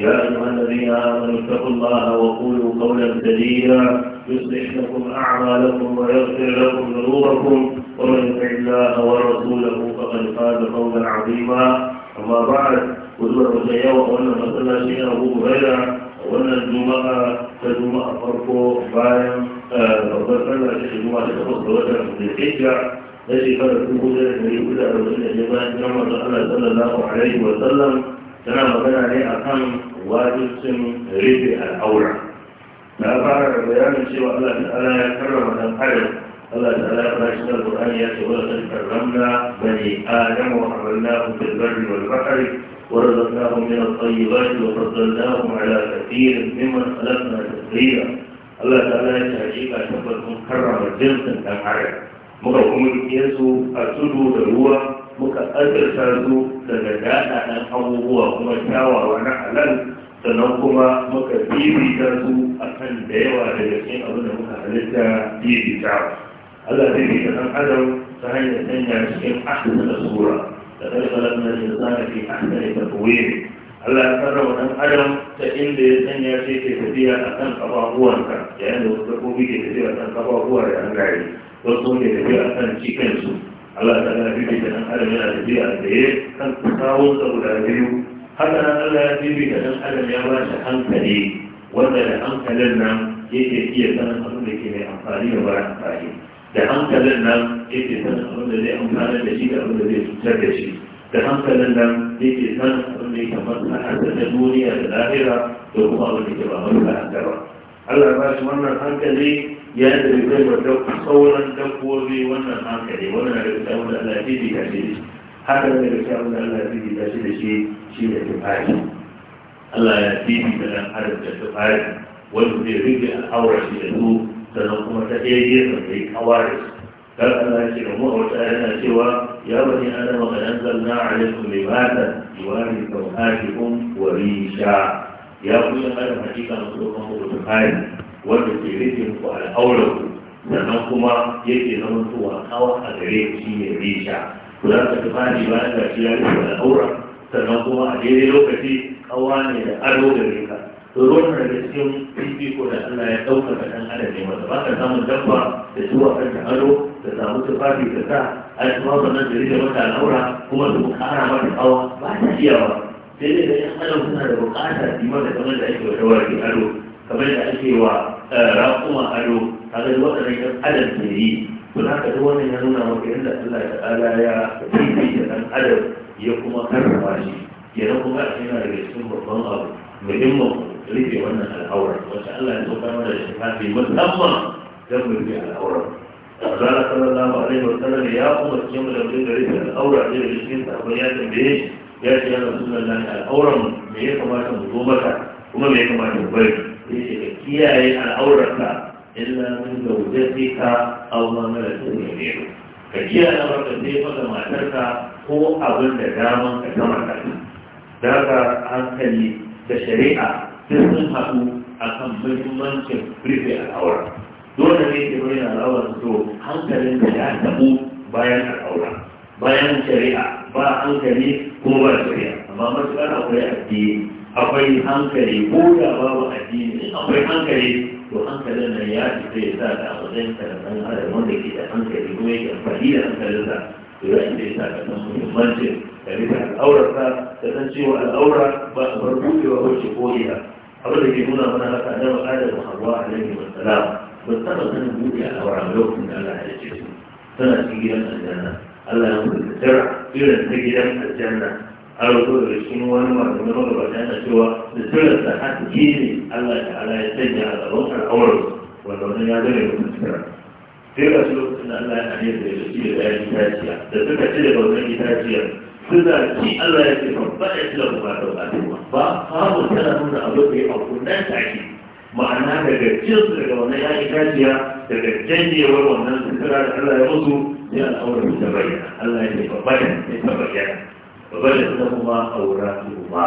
يا أيها الذين آمنوا اتقوا الله وقولوا قولا سديدا يصلح لكم أعمالكم ويغفر لكم ذنوبكم ومن يطع الله ورسوله فقد قال قولا عظيما أما بعد قلوا له سيئة وأن فصل شيئا أبو هريرة وأن الجمعة فجمعة فرق بايم آه، فصل شيئا الجمعة تخص بوجه من الحجة الذي فرق بوجه من يقول على رسول الله صلى الله عليه وسلم tana magana ne a kan wajibcin rufe al'aura na fara da bayanin cewa Allah ya karrama dan adam Allah ta'ala ya fara cikin Qur'ani ya ce wala qad karramna bani adam wa hamalnahum fil barri wal bahri ورزقناهم من الطيبات وفضلناهم على كثير ممن خلقنا تفضيلا الله تعالى يتعجيك Muka كرم الجنس su a الكيس da دلوه muka azurta su daga daɗaɗen abubuwa kuma kyawawa na halal sannan kuma muka bibita su a kan da yawa daga cikin abin da muka halitta bibita Allah zai bita ɗan adam ta hanyar sanya cikin da sura da kai kalamin da zai fi ahsana takwim Allah ya karrama ɗan adam ta inda ya sanya shi ke tafiya a kan ƙafafuwansa yayin da wasu dabbobi ke tafiya a kan ƙafafuwa da an gari wasu ke tafiya a kan cikinsu Allah ta na bibi da nan adam yana tafiya a tsaye kan kawo guda biyu haka nan Allah ya bibi da nan adam ya ba shi hankali wanda da hankalin nan yake iya sanin abin da ke mai amfani da mara amfani da hankalin nan yake sanin abin da zai amfana da shi da abin da zai cutar da shi da hankalin nan yake sanin abin da ya kamar a da duniya da lahira da kuma abin da ke ba masu ba Allah ba shi wannan hankali ya da kai wa sauran dabbobi wannan hankali wannan da ta wanda Allah ya ji da shi haka da ta wanda Allah ya ji da shi da shi shi da tufafi Allah ya ji da dan adam da tufafi wanda zai rike al'aura shi da su sannan kuma ta ɗaya gefen da ya kawar kan Allah ya ce da mu a wata yana cewa ya bani يا بني آدم قد أنزلنا عليكم لباسا يواري سوآتكم وريشا ya kusa kada hakika masu ɗaukan muku da kayan wanda ke rike a al'aurar ku sannan kuma yake zama mutuwa kawa a gare shi ne risha ku za ka fadi ba ga shi ya rike al'aura sannan kuma a daidai lokaci kawa ne da ado da rika to ruwan daga cikin fifiko da Allah ya ɗaukaka ɗan adam ne wanda ba ka samun dabba da kan da ado da samu tufafi da sa a yi tufafi da rike mata al'aura kuma su kara mata kawa ba ta iyawa sai dai da ya hana suna da bukata su da kamar da ake wa dawaki ado kamar da ake wa eh, raƙuma ado kaga da waɗannan ɗan adam ke yi to za ka wannan ya nuna maka yadda Allah ya ta'ala ya fifita dan adam ya kuma karrama shi kenan kuma a cikin daga cikin babban abu muhimmin rufe wannan al'aura wacce Allah ya sauka mana da shi hafi musamman don mu rufe al'aura Allah sallallahu alaihi wa sallam ya umarce mu da mu rufe al'aura ne da cikin sabon ya tambaye shi ya ce suna da al'auran mai ya kamata mu zo maka kuma mai ya kamata mu bari ya ce ka kiyaye al'aurarka illa min zaujatika aw ma ne ne ka kiyaye al'auranka sai maka matarka ko abin da daman ka ta mata da haka hankali da shari'a sun sun haɗu akan muhimmancin rufe al'aura dole ne ke bayyana al'aura to hankalin da ya taɓu bayan al'aura bayan shari'a ba hankali ko ba shari'a amma matuƙar akwai addini akwai hankali ko da babu addini in akwai hankali to hankalin nan ya fi zai sa ta wajen sanatan adam wanda ke da hankali kuma yake amfani da hankalinsa to ya fi zai sa ka san muhimmancin da ta al'aurarsa da san cewa al'aura ba a bar buɗewa ba ce ko ina abin da ke nuna mana haka da ba adam hawa alaihi wasalam ba ta ba sanin buɗe al'aura lokacin da Allah ya ce su tana cikin gidan aljanna Allah ya mutu sutura irin ta gidan aljanna an rubuta da cikin wani wani magabata na cewa suturar ta haske ne Allah ta'ala ya sanya a gaban al'aurar wanda wani ya zama mutu sutura sai ga lokacin da Allah ya hane da ya ci da yayin itaciya da suka ci da bautan itaciya suna ci Allah ya ce ba ya ci da kuma ba ba ba ba tana ba abin da ya ba ba ba ma'ana daga cinsu daga wannan ya itaciya daga janjewar wannan sutura da Allah ya musu sai al'aurar su ta bayyana Allah ya ce babbada ya ta bayyana babbada ta kuma aura su kuma.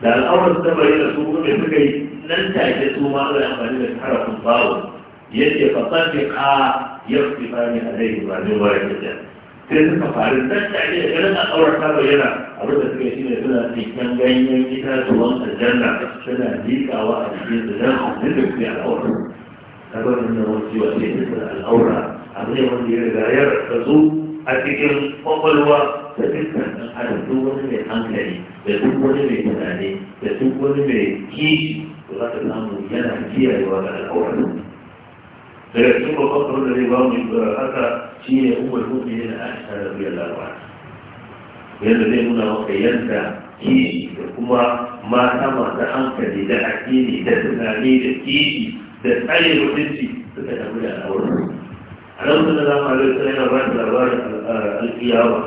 da al'aurar su ta bayyana su kuma suka yi nan take su ma Allah ya amfani da harafin bawo yadda fasafiqa yaqtifani alayhi wa min warajatihi sai suka faru nan take da ganin al'aurar ta bayyana abin da suka shine suna cikin ganyen itatuwan aljanna suna jikawa a cikin su don da rufe al'aura da wannan wasu wa ce da al'aura abu ne wanda ya riga ya su a cikin kwakwalwa da dukkan ɗan adam duk wani mai hankali da duk wani mai tunani da duk wani mai kishi to za ka samu yana kiyayewa da al'aura daga cikin babban da zai ba mu yi haka shi ne umar na aisha da biyar labarai yadda zai nuna maka yadda kishi da kuma mata masu hankali da addini da tunani da kishi da tsaye mutunci suka tafi da al'aurar a nan suna zama a lokacin yana ba da labarin alkiyawa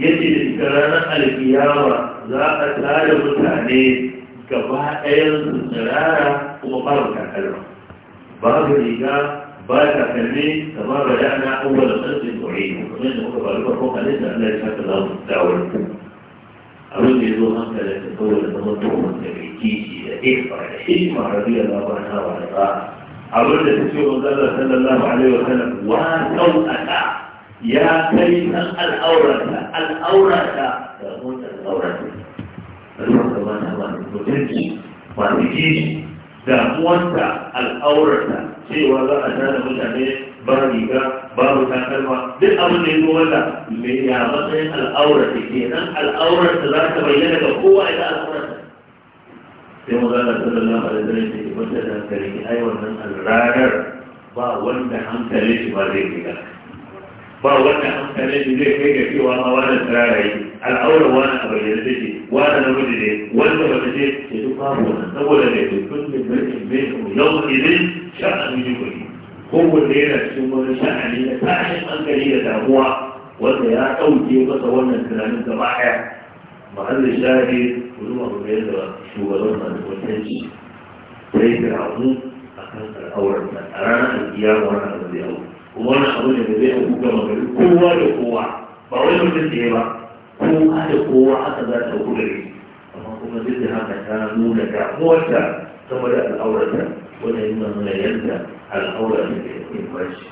yadda da ita ranar alkiyawa za a tsara mutane gaba ɗayan su tsirara kuma babu takalma babu riga بارك كلمي كما رجعنا أول خلق نعيد ومن نقول بارك فوق ليس أن لا يشهد الله الدعوة أرد يدو أنك لا تتول تمتع من تبيكيشي إحفر حكمة رضي الله عنها وعنها أرد تسير الله صلى الله عليه وسلم وسوءك يا كريم الأورة الأورة تقول الأورة الأورة ما نعمل متنجي ما نجيش دعوانك الأورة cewa za a tana mutane ba riga babu takalma duk abin da ya zo wanda me ya matsayin al'aura ta ke nan al'aurar ta za ta bayyana ga kowa ita al'aurar sai mu zana sallallahu alaihi wasallam ce wanda da hankali ne ai wannan al'ranar ba wanda hankali shi ba zai riga ba wanda hankali shi zai kai ga cewa ma wani tsirarai Al'aurar wani a bayyana take wani namiji ne wanda mace ce ya duk babu wannan saboda ne dukkan da mai mai yau idin sha'ani ne kuri kowanne yana cikin wani sha'ani na tashin hankali da damuwa wanda ya ɗauke masa wannan tunanin gaba ɗaya ma'azin shahi kuma abu ne da shugaban masu mutunci sai da abu a kan al'aurar da a ranar alkiyama wani abu zai hau kuma wani abu ne da zai hau ga magani kowa da kowa ba wani mutum da ba kowa da kowa aka za ta hau gari amma kuma duk da haka ta nuna damuwarta sama da al'aurarta wanda yana nuna yadda al'aura ne da muhimmanci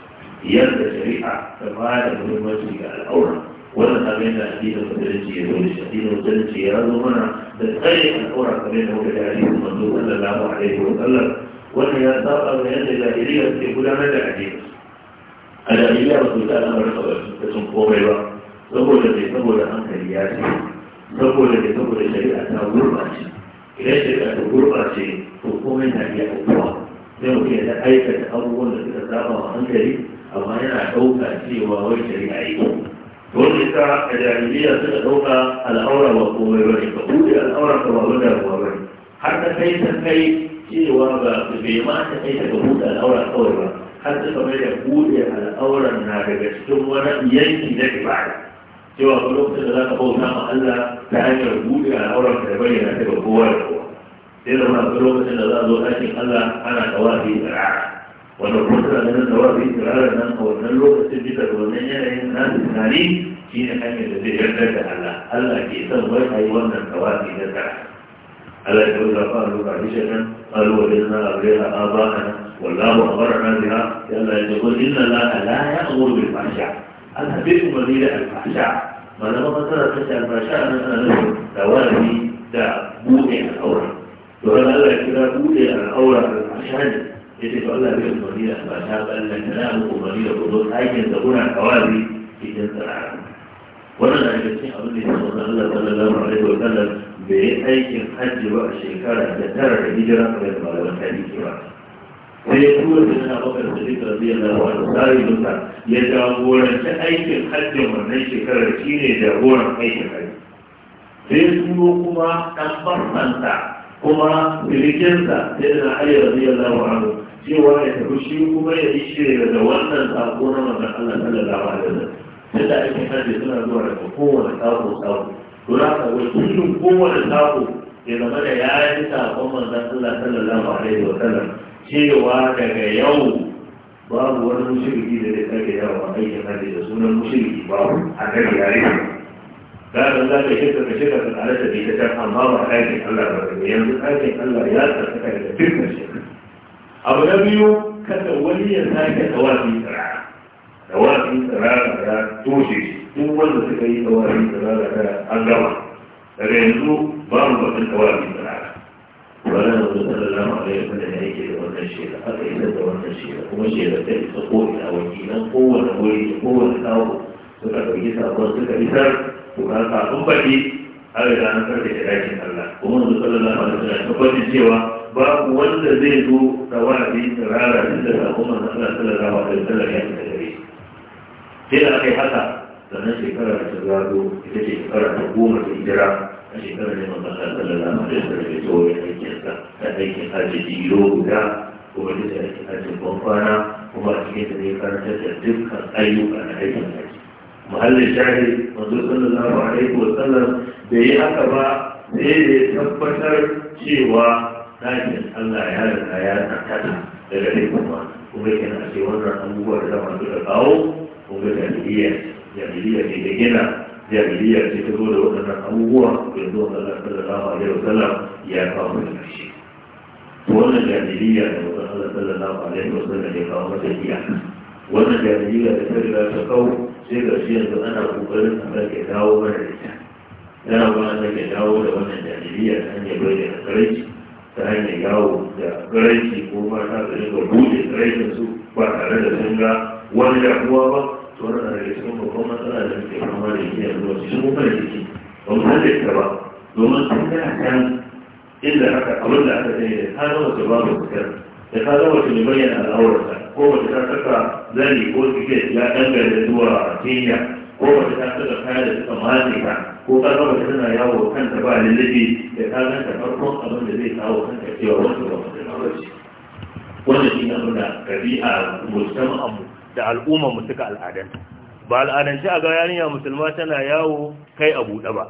yadda shari'a ta ba da muhimmanci ga al'aura wannan abin da addinin musulunci ya zo da shi addinin musulunci ya zo mana da tsaye al'aura kamar yadda muka da hadisin manzo sallallahu alaihi wa sallam wannan ya saba ga yadda jahiliya suke gudanar da addini a jahiliya ba su ta al'amarin ba da sun komai ba saboda mai saboda hankali ya ce saboda mai saboda shari'a ta gurɓace idan shirka ta gurɓace to komai na iya aukuwa sai mutum ya aikata abubuwan da suka saba wa hankali amma yana ɗauka cewa wai shari'a yi wanda ita a jami'a suka ɗauka al'aura ba komai ba ne ka buɗe al'aura ka ba wanda ba ba ne har ta kai ta kai cewa ba bai ma ta kai ta ka buɗe al'aura kawai ba har ta kamar da buɗe al'auran na daga cikin wani yanki na ibada سوى قلوب تغلق قول ما قال تعالى الوجود على أورام كتابي هو القوار إذا ما قلوب تغلق ذو الأشي قال أنا توافي العالم. ولو قلت لنا كواهي إقرار أنه هو نلوك السبتة الوزنية لأن الناس الثاني كين حاجة تبير جردك على ألا كيسا مباشا يوانا كواهي العالم. ألا يقول لك قالوا لك عديشة قالوا وجدنا أبريها آباءنا والله أمرنا بها يلا يقول إن الله لا يأمر بالفحشاء أنا الحبيب مدير الفحشاء malama fasara ta ce albashi a nan anan da wani da buɗe al'aura to ran Allah ya kira buɗe al'aura albashi ya ce to Allah bai umarni da albashi ba Allah ta na umarni da gobe aikin da kuna kawari cikin tsara wannan da ake cin abin da ya samu Allah sallallahu alaihi wa sallam bai yi aikin hajji ba a shekara da tara da hijira kamar malaman tarihi ba sai ya da yana bakar da duka biyan da wani tsari duka ya jagoranci aikin hajjin wannan shekarar shi ne jagoran aikin hajji sai turo kuma ɗan basanta kuma filikinsa sai da aliyar zai da wani cewa ya tafi shi kuma ya yi shirya da wannan sako na manzan Allah sallallahu alaihi wasallam sai da aikin hajji suna zuwa daga kowane sako sako to za ka wakilin kowane sako ya zama da ya yi sakon manzan Allah sallallahu da wasallam cewa daga yau babu wani mushirki da zai kage yawa aikin hajji da sunan mushirki babu a kan yare kaga za ka shirka ka shirka ka tsare da ita can amma ba aikin Allah ba ne yanzu aikin Allah ya tsarkaka daga dukkan shi. abu na biyu kada wani ya sake tawafi tsara, tawafi tsirara ya toshe shi duk wanda suka yi tawafi tsara da an gama daga yanzu babu batun tawafi tsara. wani da sallallahu alaihi wasallam ya yake da wannan shaida aka yi da wannan shaida kuma shaida ta isa ko ina wakilan kowane wuri da kowane tsawo suka ɗauki sakon suka isar to ka kafin baki an riga an karfe da dakin Allah kuma da sallallahu alaihi wasallam ya tabbatar cewa babu wanda zai zo da wa'azi da rara da sakon manzon Allah sallallahu alaihi wasallam ya fita gare sai da aka yi haka sannan shekara da ta zazo ita ce shekara ta goma da hijira a shekarar da masu sallallahu alaihi wasallam da zo wani aikin sa da aikin hajji biyo guda kuma duk kwana kuma a ya da dukkan ayyuka aikin muhallin shahi wanzu sallallahu alaihi wasallam da yi haka ba sai da tabbatar cewa ɗakin Allah ya riga ya tsakata daga dai kuma kuma yana ce wannan abubuwa da zama suka kawo kuma jahiliya jahiliya ne da gina jahiliya ce ta zo da waɗannan abubuwa yanzu wanda Allah sallallahu alaihi wasallam ya kawo mata ƙarshe wannan jahiliya da wanda Allah sallallahu alaihi wasallam ya kawo mata iyaka wannan jahiliya da ta riga ta kawo sai ga shi yanzu ana kokarin a ke dawo mana da ita yana ba an ke dawo da wannan jahiliya ta hanyar bayyana karanci ta hanyar yawo da karanci ko mata da rinka buɗe karancin su ba tare da sun ga wani damuwa ba wannan na daga cikin babban matsala da suke fama da shi a lokaci sun kuma da shi ba mu san da ita ba domin sun da kan inda aka abin da aka sani da ta zama ta babu fitar da ta zama ta bayyana al'aurarsa ko wata ta saka zani ko tiket ya dangane zuwa kenya ko wata ta saka kaya da suka matse ka ko ta zama tana yawo kanta ba lullubi da ta ganta farkon abin da zai kawo kanta cewa wanda ba mutum aure ce wannan shi ne abin da ɗabi'a musamman da al'umma mu suka al'adanta ba al'adance a ga yarinya musulma tana yawo kai a buɗe ba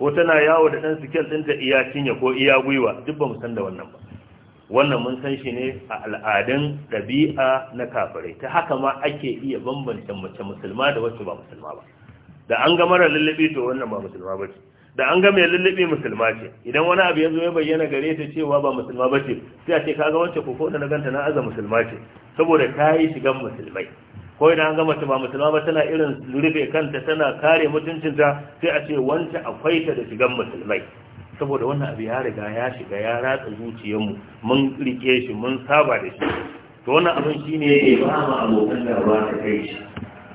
ko tana yawo da ɗan sikel ɗinta iya cinye ko iya gwiwa duk ba mu san da wannan ba wannan mun san shi ne a al'adun ɗabi'a na kafirai ta haka ma ake iya bambanta mace musulma da wacce ba musulma ba da an ga mara lullubi to wannan ba musulma ba ce da an ga mai lullubi musulma ce idan wani abu ya zo ya bayyana gare ta cewa ba musulma ba ce sai a ce kaga wacce ko da na ganta na aza musulma ce saboda ta yi shigan musulmai ko idan an ga mace ba musulma ba tana irin rufe kanta tana kare mutuncinta sai a ce wanda akwai ta da shigan musulmai saboda wannan abu ya riga ya shiga ya ratsa zuciyarmu mun rike shi mun saba da shi to wannan abin shine ya ba mu abokan da ba ta kai shi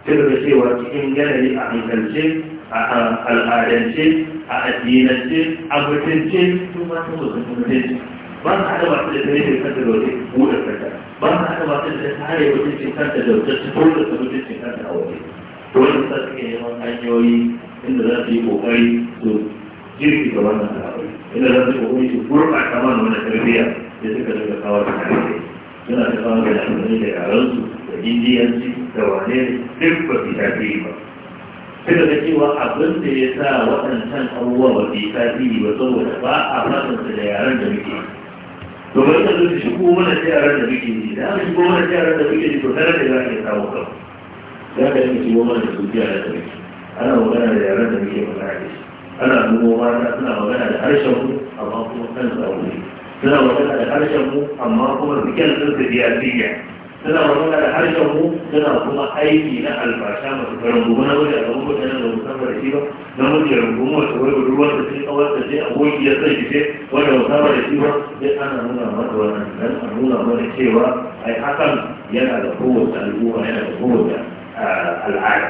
sai da cewa cikin yanayi a hankalce a al'adance a addinance a mutunce su ma su mutunce ba su haɗa wasu da tare da kanta da wani buɗe ba ta ta gabatar da kare mutuncin kanta da wata dole ta mutuncin aure. a waje dole ta suke neman hanyoyi inda za su yi kokari su jirgi ga wannan al'amari inda za su kokari su gurɓata mana wani tarbiyya da suka daga kawo ta kare suna ta kawo da amfani da yaransu da indiyanci da wane duk ba su tafi ba suka ga cewa abin da ya sa waɗancan abubuwa ba su yi tasiri ba saboda ba a fasanta da yaren da muke to bari da zuci shigo mana yaran da muke ji da aka shigo mana yaran da muke ji to tare da za ka samu kan za ka yi shigo mana da su yaran da muke ana magana da yaran da muke magana da shi ana nuno mata suna magana da harshen mu amma kuma kan zaune suna magana da harshen mu amma kuma zikin sun su biya biya suna magana da harshen mu suna kuma aiki na albasha masu karangu na wani a gaban mutanen da musamman da shi ba na mutu rungu masu wani budurwar da sai kawar da sai aboki ya sai fice wanda musamman da shi ba sai ana nuna mata wannan dan a nuna mana cewa ai hakan yana da kowace al'umma yana da kowace al'ada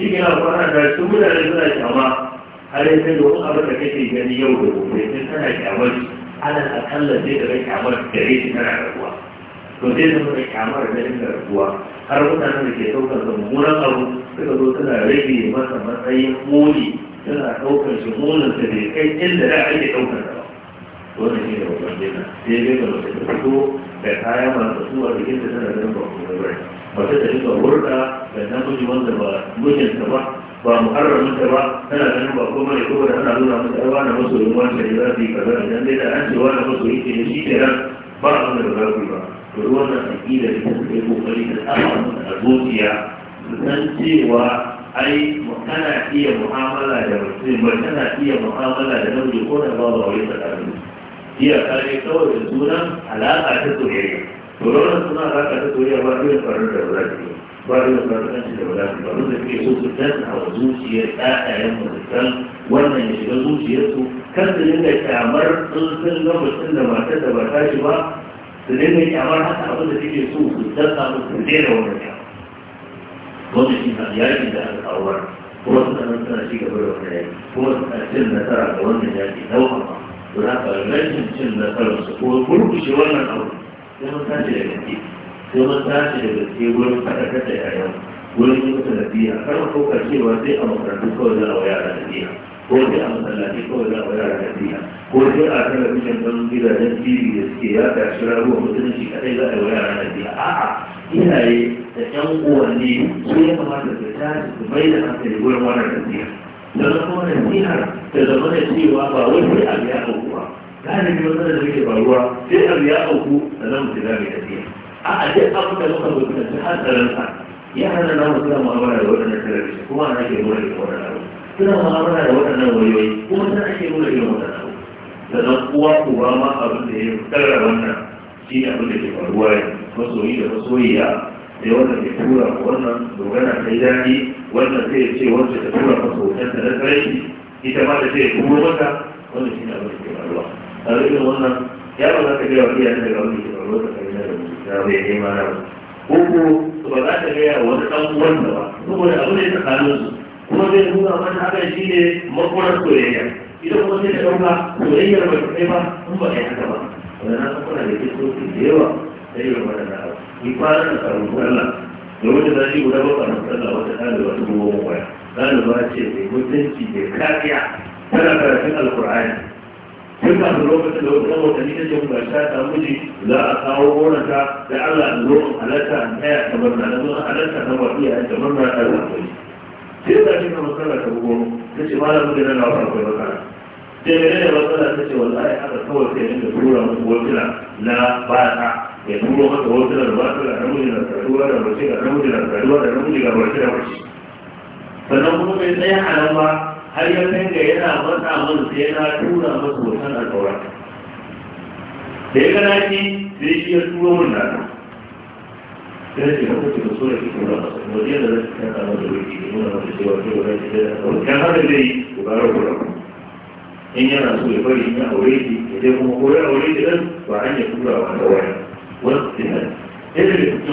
shi ke na kwana da su mutane suna kyama har sai da wani abin da kake gani yau da gobe sai tana kyamar ana akalla sai da kyamar da yake tana rabuwa to zai zama da kyamar da yin garkuwa har mutanen da ke ɗaukar da mummunan abu suka zo suna rage masa matsayin muni suna ɗaukar shi munin da bai kai inda da ake ɗaukar da ba wannan shi ne babban jina sai dai ga mace ta fito da kaya masu suwa da kinta tana ganin ba kuma bai mace ta shiga wurka da namiji wanda ba mijinta ba ba mu muharramin ta ba tana ganin ba ko mai kuma da ana nuna mata ai wani masoyin wanda ne za su yi kaza idan dai da an ce wani masoyin ke da shi kenan ba a abin da za ku yi ba da wannan aƙida da ta kai kokari ta tsara a zuciya su san cewa ai kana iya mu'amala da mutum ba kana iya mu'amala da namiji ko da babu aure tsakanin iya kare kawai da sunan alaƙa ta soyayya to suna alaƙa ta soyayya ba irin farin da ba za su yi ba irin farin da ba za su yi ba wanda ke so su danna wa zuciyar ɗaɗayen mutum wannan ya shiga zuciyarsu kan su dinga kyamar sun sun ga da matar da ba ta shi ba su dinga kyamar haka abin da suke so su dasa musu su daina wannan kyamar wannan shi na yakin da aka kawo wani kuma su kanan suna ci gaba da wannan yaki kuma su kan cin nasara ga wannan yaki nau'an ba to na ka rashin cin nasarar su ko murkushe wannan abu sai mun tashi da gaske sai mun tashi da gaske wurin faɗakar da yayan wurin yi musu nasiha kar ko cewa, sai a makarantu kawai za a wa yara nasiha ko sai a masallaci kawai za a bayar da tafiya ko sai a talabijin don gidajen tv da suke ya tashi raruwa musulunci kadai za a wada da tafiya a'a iyaye da yan uwanni su ya kamata su ta su mai da hankali gurin wannan tafiya da zama nasihar da zama da cewa ba wai sai a biya auku ba galibi wani da muke faruwa sai a biya auku da zama su zame tafiya a'a duk abin da muka mutunta hatsarinsa ya hana na mutum mu'amala da waɗannan talabijin kuma ana ke nuna da waɗannan suna ma'amala da waɗannan wayoyi kuma suna ake nuna irin waɗannan kuwa uwa ba ma abin da ya karra wannan shi ne abin da ke faruwa ya masoyi da masoyiya sai wannan ke tura ma wannan dogana ta yi daɗi wannan sai ya ce wancan ta tura masa hoton ta na tsarki ita ma da sai ya turo mata wannan shi ne abin da ke faruwa a rikin wannan ya ba za ka gaya wa iyayen daga wani ke faruwa ta kai na da mutum ya bai nema na ba ko ko ba za ta gaya wa wani ɗan da ba saboda abin da ya tsakaninsu kuma zai nuna wani haka shi ne makonar soyayya idan kuma sai da ɗauka soyayyar ba ta kai ba sun ba kai haka ba wanda na kuna da ke soki da yawa ta yi wa da ba ni fara da karin kwalla da wata za shi guda bakwai na kwalla wata ɗaliba ta goma waya ba ce mai mutunci da kariya tana karatun alkur'ani tun ba lokacin da wata watanni ta ce ba sha ta muji za a kawo gonata da allah da zo halatta a taya kamar na zuwa in halatta kamar iyayen kamar na ɗaliba sai da shi ka matsala ta bugo ta ce ba da muke nan na farko akwai matsala sai mai da matsala ta ce wallahi haka kawai sai dinga tura musu wakila na ba ta ya turo masa wakila da ba ta da namiji na karuwa da mace da namiji na karuwa da namiji ga mace da mace sannan kuma bai tsaya a nan ba har ya kai ga yana matsa mun sai na tura masa hoton alƙawar da ya gana shi sai shi ya turo mun na sai da kuka da sura ki kuma ba mu je da zaka ta da wuri ne mun da da ke da ko kan hada dai ko ba ro ko in yana so ya bari in aure shi ya je kuma ko ya aure shi ba an ya tura wa da wani wannan sai da cikin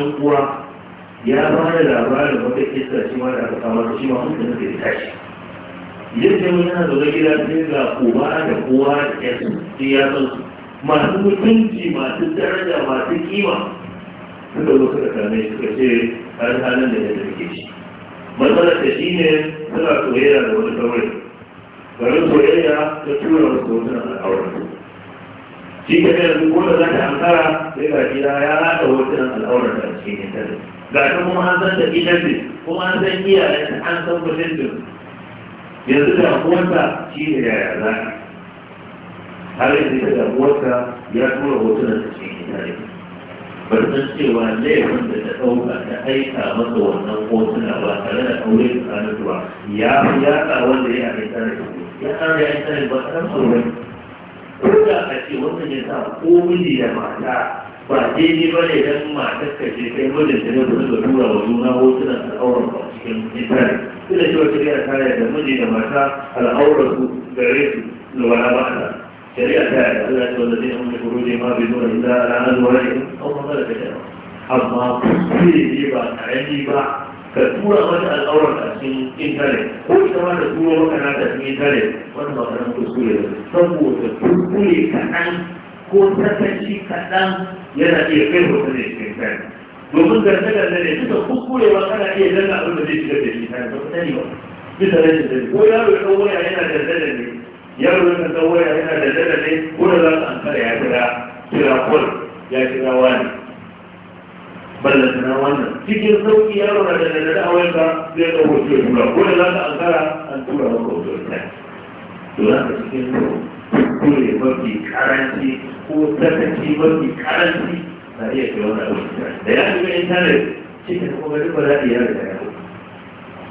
ya ba da labarin wata kisa shi ma da aka kama shi ma mutum da ya tashi yadda wani yana zaune gida sai ga kowa da kowa da yasu sai ya san masu mutunci masu daraja masu kima sun da suka same shi suka ce har halin da ya tafi shi matsalar da shi ne suna soyayya da wani kawai garin soyayya ta tura wasu hotunan al'auran shi ka ne duk wanda za ta hankara sai ka gida ya wasu hotunan al'auran da cikin intanet ga ta kuma an san da ne kuma an san ta an san mutuntun yanzu kuwanta shi ne yaya za har yanzu da kuwanta ya tura hotunan da cikin intanet bari san cewa laifin da ta ɗauka ta aika masa wannan hotuna ba tare da aure su su ba ya fi wanda ya aika da shi ya tsara ya aika da ba san tsoron ko da a ce wannan ya sa komili da mata ba daidai ba ne don mata ka ce kai wajen da ne ba su tura wa juna hotunan al'auran ba cikin intanet. Ina cewa shirya ta da miji da mata al'aurar su gare su da wala ba شريعة ذلك التي والذين هم لخروجهم هابطون إلا لعنوا عليهم أو ما ملكت أما تصويره بعيني بعد كتورة مجأة الأورا تأسين إنترنت كل سواء كتورة وكنا تأسين إنترنت وأنا ما كان تصويره سبو تصويره كأن كون تسنشي كأن yana iya kai hoton ne cikin kayan domin gargadar da ne duka kukurewa kana iya lalla abin da zai shiga da shi kayan ba ku sani ba bisa rashin sani ko yaro ya ɗau waya yana gargadar ne yaro ya kasa waya yana da dadade ko da za su an ya kira kira kul ya kira wani balla sana wannan cikin sauki yaro na da dadade a wayar ka zai ga hoto ya tura ko da za su an an tura maka hoto ya tura to za ka cikin kure mafi karanci ko sakaci mafi karanci na iya kira wani abu da ya shiga intanet cikin kuma duk ba za a iya da ya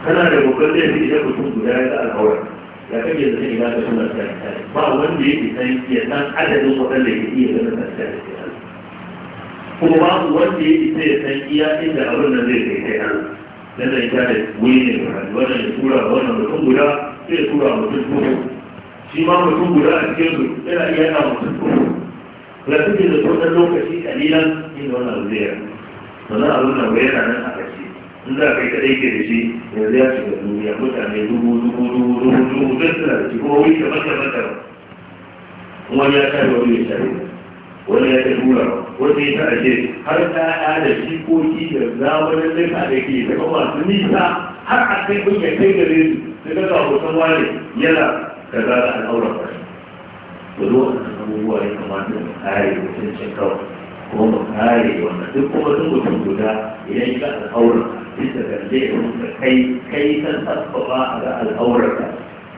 kana da bukar zai fi idan mutum guda ya ga al'aurar da kake da zai gada suna tsarkare ba wanda ya isa ya san adadin waɗanda ya iya gada tsarkare kuma babu wanda ya isa ya san iya inda abin nan zai kai kai an dan da ita da wuri ne wannan ya tura wannan mutum guda sai ya tura mutum kuma shi ma mutum guda a cikin su yana iya yana mutum kuma da suke da sauran lokaci kalilan inda wannan zai yi sannan abin nan bai yana nan a kashi za a kai ka ke da shi yanzu ya shiga duniya mutane dubu dubu dubu dubu dubu duk suna da shi kuma wuri mata mata daban wani ya kai wani ya tare wani ya kai tura wani ya kai ce har ta da shikoki da zamanin da ka da ke daga masu nisa har a kai kun ya kai gare su su ka ga hoton wani yana za a al'aurar ba to lokacin abubuwa ya kamata mu kare mutuncin kawai kuma mu kare wannan duk kuma sun mutum guda idan ya ga al'aurar bisa ga laifinka kai kai san tabbaba a ga al'aurarka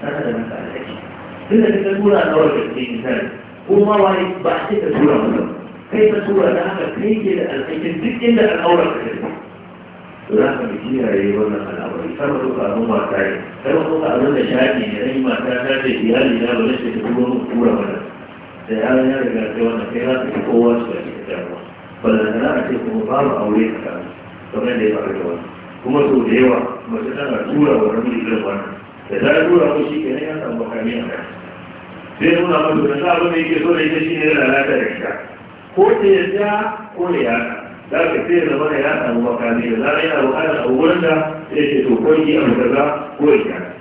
tana da nan tare ake duk da ka tura al'aurar da ke misali ko ma wani ba sai ka tura masa kai ka tura da haka kai ke da alhakin duk inda al'aurar ka ke za ka bi kiyaye wannan al'amari kar ma duka abin mata ne kar ma duka abin da shafi ne dan mata ta ce iyali na ba zai ta tura mu tura mana da yaran ya riga kai wannan kai za ka fi kowa su a cikin damuwa ba da na ce kuma babu aure ka kamar da ya faru da wani kuma sau da yawa masu tana tura wa namiji irin wani da ta tura ko shi kenan ya samu bakami a kai sai nuna masu da ta abin da yake so da ita shi ne da lalata da ita ko ta ya ja ko ya ta ka sai ya zama ya samu makami da ta yana bukatar a wurin da ya ce to ko yi abu kaza ko ya yaka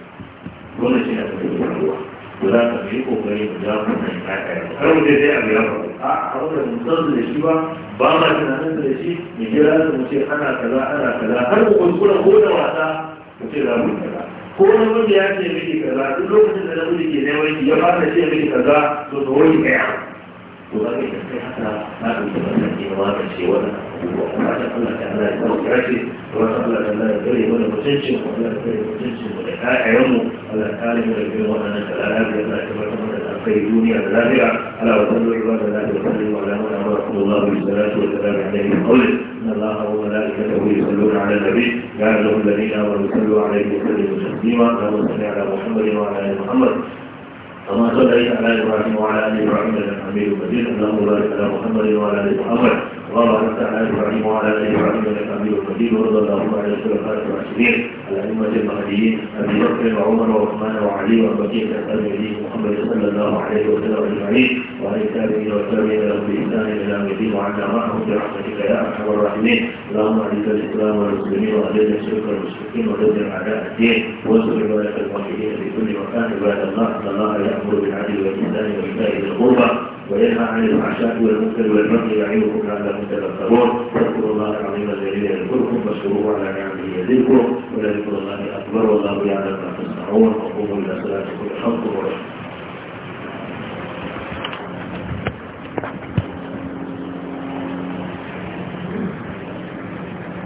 wannan shi ne abin da ya faruwa ta za ka yi kokari ta ta mu kan ya har mu sai abu ya faru a abin da musar da shi ba ba ma tunanin da shi mu jira da mu ce ana kaza ana kaza har mu kuskura ko da wasa mu ce za mu kaza ko wani wanda ya ce miki kaza duk lokacin da namiji ke neman ki ya fara ce miki kaza to to wani kaya to za ka kai haka na ɗauki wannan ke ma ka ce wannan abubuwa kuma ta Allah ta Allah ya kawo kace to wata Allah ta Allah ya kare mana mutuncin mu Allah ya kare mutuncin mu da ƴaƴayen mu Allah ya kare mu da irin waɗannan kaza ya ta bar mana da خير الدنيا الآخرة ألا وصلوا عباد الله وسلموا على من أمركم الله بالصلاة والسلام عليه بقوله إن الله وملائكته يصلون على النبي يا أيها الذين آمنوا صلوا عليه وسلموا تسليما اللهم صل على محمد وعلى آل محمد كما صليت على إبراهيم وعلى آل إبراهيم إنك حميد مجيد اللهم بارك على محمد وعلى آل محمد اللهم بارك على ابراهيم وعلى ال ابراهيم انك حميد مجيد وارض اللهم عن الخلفاء الراشدين الائمه المهديين ابي بكر وعمر وعثمان وعلي وبقيه النبي محمد صلى الله عليه وسلم اجمعين وعن التابعين والتابعين لهم باحسان الى يوم الدين وعنا معهم برحمتك يا ارحم الراحمين اللهم اعز الاسلام والمسلمين واذل الشرك والمشركين ودمر اعداء الدين وانصر عبادك الموحدين في كل مكان عباد الله ان الله يامر بالعدل والاحسان وايتاء ذي القربى وينهى عن الفحشاء والمنكر والبغي يعظكم لعلكم تذكرون فاذكروا الله العظيم الجليل يذكركم واشكروه على نعمه يزدكم ولذكر الله اكبر والله يعلم ما تصنعون وقوموا الى صلاتكم يحفظكم ورحمه